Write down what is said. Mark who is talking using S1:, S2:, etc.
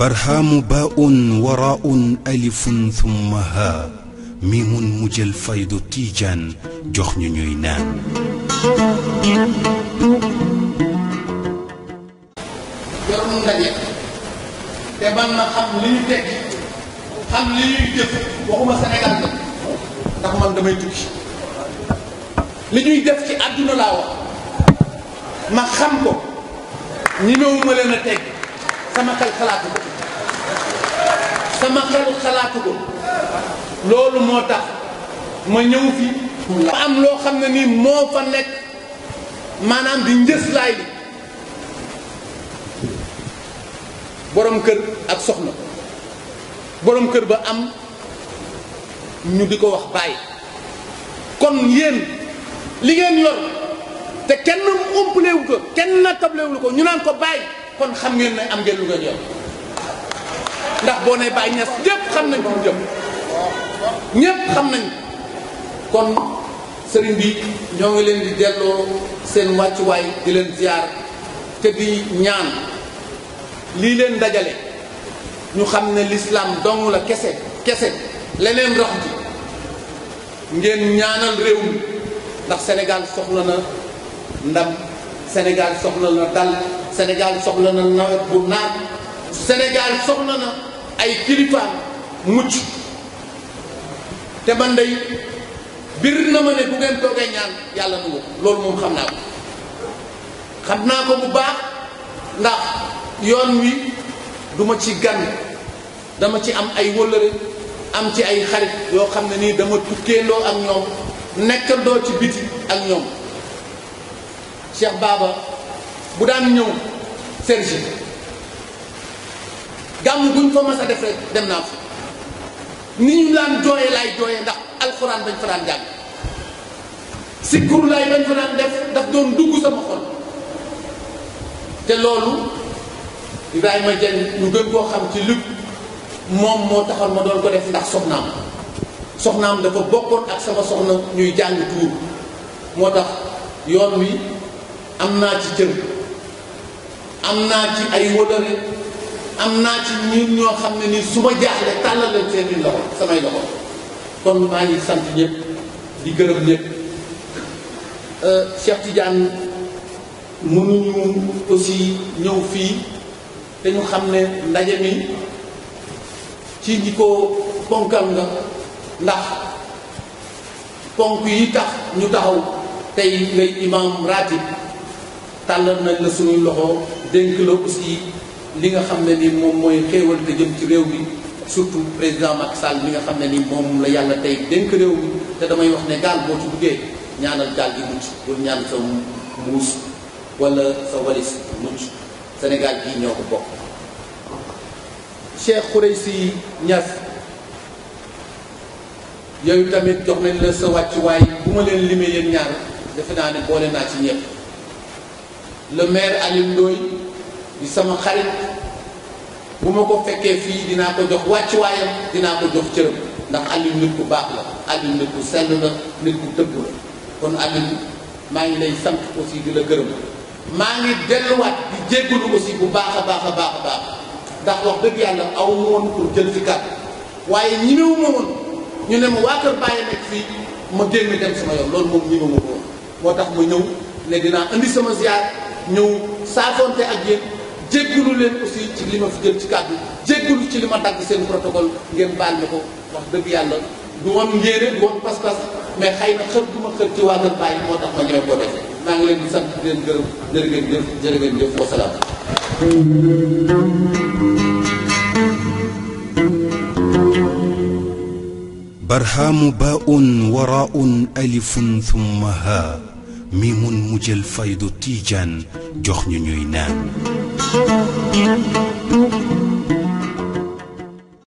S1: barhamu baun waraun alifun thumma ha mimun mu jël faydu tiijaan jox ñu ñuy li ñuy def ci àdduna laa wax ma xam ko ñemewuma leen a teg sama xel xalaatu ko sama xel xalaatu ko loolu moo tax ma ñëw fi ma am loo xam ne nii moo fa nekk maanaam di njëslaay li boroom kër ak soxna boroom kër ba am ñu di ko wax bàyyi kon yéen li ngeen yor te kenn umpalewu ko kenn na tablewu ko ñu naan ko bàyyi kon xam ngeen ne am ngeen lu ngeen yor ndax boo ne bàyyi ñes ñëpp xam nañ ko mu jëm ñëpp xam nañ kon sëriñ bi ñoo ngi leen di delloo seen wàccuwaay di leen ziar te di ñaan lii leen dajale ñu xam ne lislaam dong la kese kese leneen rox ji ngeen ñaanal réew mi ndax Sénégal soxla na ndam Sénégal soxla na dal Sénégal soxla na nawet bu naat senegaal soxla na ay kilifaam mucc te man day bir na ma ne bu ngeen toogee ñaan yàlla nu loolu moom xam naa ko xam naa ko bu baax ndax yoon wi duma ci gan dama ci am ay wëllëre am ci ay xarit yoo xam ne nii dama tukkeendoo ak ñoom nekkandoo ci biti ak ñoom Cheikh Baba bu daan ñëw Sergi gàmm buñ fa mas a dem naa fa ni ñu daan jooyee laay jooyee ndax alxuraan bañ fa daan jàng sikkur lay bañ fa daan def daf doon dugg sama xol te loolu Ibrahima Diagne ñu gën koo xam ci Luc moom moo taxoon ma doon ko def ndax soxnaam. soxnaam dafa bokkoon ak sama soxna ñuy jàng tuur moo tax yoon wi am naa ci cër am naa ci ay wóllëre am naa ci ñun ñoo xam ne ni su ma jaaxle tàllal leen seeni loxo samay loxo kon maa ngi sant ñëpp di gërëm ñëpp euh, Cheikh Tidiane mënuñu aussi ñëw fii te ñu xam ne ndaje mi ci ñi ko ponkal nga ndax ponk yi tax ñu taxaw tey ngay imam ratib tàllal nañ la suñuy loxo dénk la aussi li nga xam ne ni moom mooy xéewal te jëm ci réew mi surtout président Macky Sall mi nga xam ne ni moom la yàlla tey dénk réew mi te damay wax ne gaal boo ci duggee ñaanal gaal gi mucc bul ñaan sa muus walla sa walis mucc Sénégal gii ñoo ko bokk Cheikh Khoureyssi Niass yow tamit jox nañ la sa wàccuwaay bu ma leen limee yéen ñaar defe naa ne boole naa ci ñëpp le maire Alioune di sama xarit bu ma ko fekkee fii dinaa ko jox wàccuwaayam dinaa ko jox cërëm ndax Alioune nit bu baax la Alioune nit bu sell la nit ku dëgg la kon Alioune maa ngi lay sant aussi di la gërëm maa ngi delluwaat di jéggulu aussi bu baax a baax a baax a baax ndax wax dëgg yàlla aw woon pour jël fi kàddu waaye ñi mewu ñu ne ma waa bàyyi nekk fii ma génn dem sama yoon loolu moom ñi ma ma woon moo tax ma ñëw ne dinaa indi sama ziar ñëw saafonte ak yéen jéggulu leen aussi ci li ma fi jël ci kàddu jéggulu ci li ma dagg seen protocole ngeen baal ma ko wax dëgg yàlla du woon yéene du woon pas-pas mais xëy na xër bu ma xër ci waa kër bàyyi moo tax ma ñëw ko defee maa ngi leen di sant di leen gërëm jërë ngeen jëf jërë ngeen jëf barhaamu baun waraun alifun thumma haa miimun mu jël faydu tiijaan jox ñu ñuy naan